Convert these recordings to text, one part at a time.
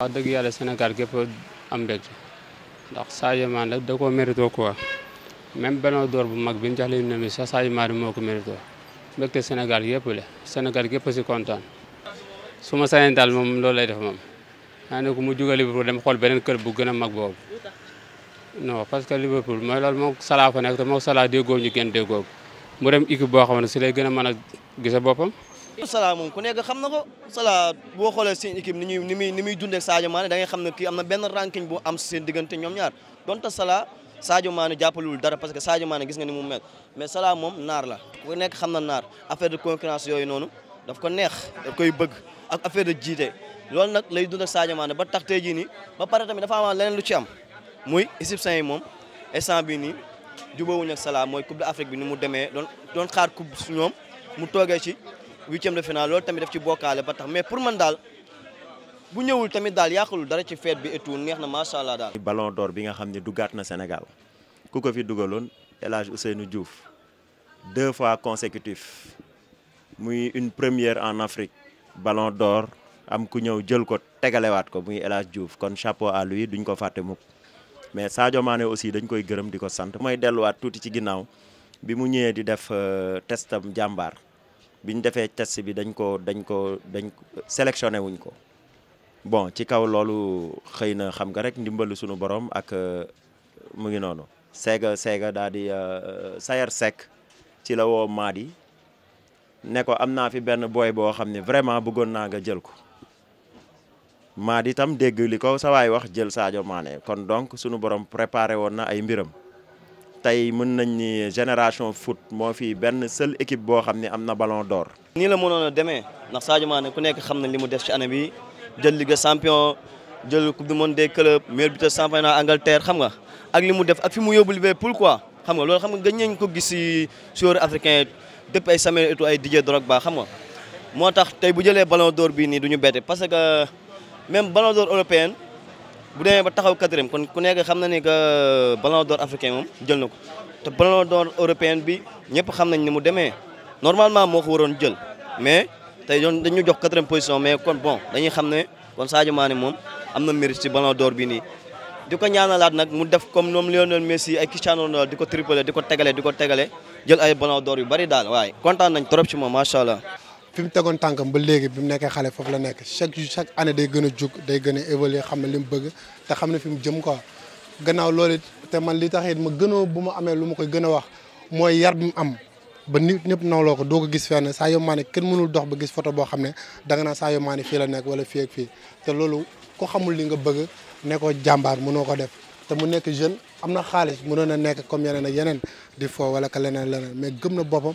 wax dëgg yàlla Sénégal gépp a mbégte ndax Sadio Mané la da koo mérito quoi même Ballon d'Or bu mag bi mu jox leen nomi sax Sadio Mané moo Sénégal yëpp la Sénégal gépp si kontaan su ma sañoon daal moom loolu lay def moom maa ne mu jóge Liverpool dem xool beneen kër bu gën a mag boobu non parce que Liverpool mooy loolu moom Salah fa nekk te moom Salah déggoo ñu kenn déggoo mu dem équipe boo xam ne si lay gën a mën a gisa boppam Salah moom ku nekk xam na ko Salah boo xoolee seen équipe ni ñuy ni muy ni muy dundee Sadio Mané da xam ne kii am na benn ranking bu am seen diggante ñoom ñaar donte Salah Sadio Mané jàppalewul dara parce que Sadio maane gis nga ni mu mel mais Salah moom naar la ku nekk xam na naar affaire de concurrence yooyu noonu daf ko neex daf koy bëgg ak affaire de jiite loolu nag lay dund saajo maane ba tax tey jii nii ba pare tamit dafa am leneen lu ci am muy égyptiens yi moom instant bii nii jubóowuñ ak Salah mooy coupe d'Afrique bi ni mu demee doon doon xaar coupe su ñoom mu toogee ci huitième de finale loolu tamit daf ci bokkaale ba tax mais pour man daal bu ñëwul tamit daal yàqalul dara ci feet bi et tout neex na macha allah daal. ballon d'or bi nga xam ne duggaat na Sénégal ku ko fi dugaloon El Hadj Ousseynou Diouf deux fois consécutif muy une première en Afrique ballon door am ku ñëw jël ko tegalewaat ko muy El Hadj kon chapeau à yi duñ ko fàtte mukk mais Sadio Mané aussi dañ koy gërëm di ko sant. mooy delluwaat tuuti ci ginnaaw bi mu ñëwee di def euh, testam jàmbaar. bi defee test bi dañ ko dañ ko dañ sélectionné wuñ ko bon ci kaw loolu xëy na xam nga rek ndimbalu suñu borom ak euh, mu ngi noonu seega seega daal di euh, sayar sec ci la woo Madi ne ko am naa fi benn booy boo xam ne vraiment bëggoon naa nga jël ko Madi itam dégg li ko sa waay wax jël saajo Mané kon donc suñu borom préparé woon na ay mbiram tey mën nañ ni génération foot moo fi benn seule équipe boo xam ne am na ballon door nii la mënoon a demee ndax Sadio Mané ku nekk xam na li mu def ci année bi jël Ligue champion jël coupe du monde des clubs meilleur buteur championnat Angleterre xam nga ak li mu def ak fi mu yóbbu Liverpool quoi xam nga lool xam nga gën nañ ko gis si joueur africain depuis ay Samuel Eto'o ay Didier Drogba xam nga moo tax tey bu jëlee ballon door bii nii du ñu bette parce que même ballon d'or européen. bu demee ba taxaw quatrième kon ku nekk xam na ni que euh, ballon d'or africain moom jël na ko te ballon d'or européen bi ñëpp xam nañ ne mu demee normalement moo ko waroon jël mais tey doon dañu jox quatrième position mais kon bon dañuy xam ne kon Sadio Mané moom am na mérite ci ballon d'or bi nii. di ko ñaanalaat nag mu def comme ñoom Lionel Messi ay Cristiano Ronaldo di ko triplé di ko tegale di ko tegale jël ay ballon d'or yu bari daal waaye kontaan nañ trop ci moom macha allah. fi mu tegoon tànkam ba léegi bi mu nekkee xale foofu la nekk chaque chaque année day gën a jug day gën a évoluer xam ne li mu bëgg te xam ne fi mu jëm ko gannaaw loolu te man li tax it ma gënoo bu ma amee lu ma koy gën a wax mooy yar bi mu am ba nit ñëpp nawloo ko doo ko gis fenn saa yoo maa kenn mënul dox ba gis photo boo xam ne danga naa saa yoo maa fii la nekk wala fii ak fii te loolu ko xamul li nga bëgg nekkoo ko jàmbaar mënoo ko def te mu nekk jeune am na xaalis mënoon a nekk comme yeneen yeneen di fo wala leneen leneen mais gëm na boppam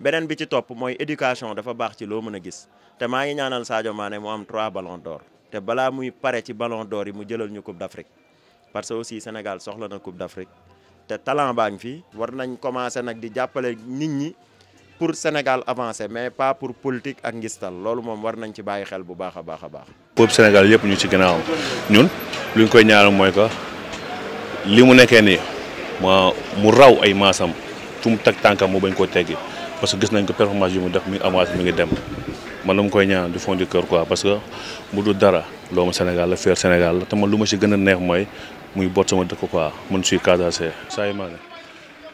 beneen bi ci topp mooy éducation dafa baax ci loo mën a gis te maa ngi ñaanal Sadio Mané mu am trois ballons d'or te balaa muy pare ci ballon d'or yi mu jëlal ñu coupe d'Afrique parce que aussi Sénégal soxla na coupe d'Afrique te talent baa fi war nañ commencer nag di jàppale nit ñi pour Sénégal avancer mais pas pour politique ak ngistal loolu moom war nañ ci bàyyi xel bu baax a baax a Sénégal yëpp ñu ci ginnaawam ñun luñ koy ñaanal mooy que li mu nekkee nii ma mu raw ay maasam fu mu bañ parce que gis nañ ko performance yu mu def mi ngi avancé mi ngi dem man la mu koy ñaan du fond du cœur quoi parce que mu du dara doomu Sénégal la fier Sénégal la te man lu ma si gën a neex mooy muy boot sama dëkk quoi man suy casase saa yi maa ne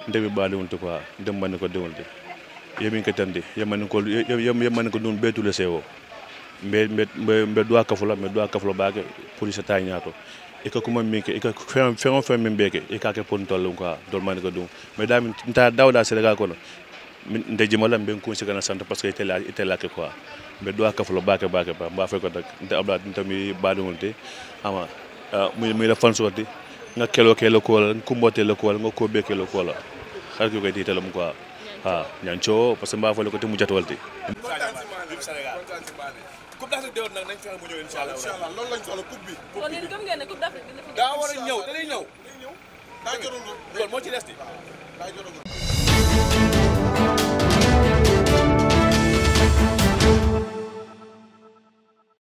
ndebi baa diwante quoi dem ma ne ko diwante ko tandi yema ne ko yema ne ko nun beetule sewo mbe mbe mbe doa kafula mbe doa police tay ñaato i ka kuma min ke i ka fɛn fɛn o fɛn min i k'a kɛ pour nde jimala mbe kunsi kana santa parce que ite ah, la ite la ke quoi mbe do akafulo bake bake ba mba fe ko tak nte abla nte mi badu ngolti ama mi mi la fanso ti nga kelo kelo ko la kumbote le ko la nga ko be kelo ko la xar ko ti telam quoi ha ñancho parce que mba fa le ko ti mu jatwalti coupe d'Afrique de woon nag nañ fexe mu ñëw incha allah incha allah loolu lañ soxla coupe bi. kon yéen gëm ngeen ne coupe d'Afrique dina fi ñëw. daa war a ñëw da lay ñëw. daa jotagul loolu moo ci des di. daa jotagul.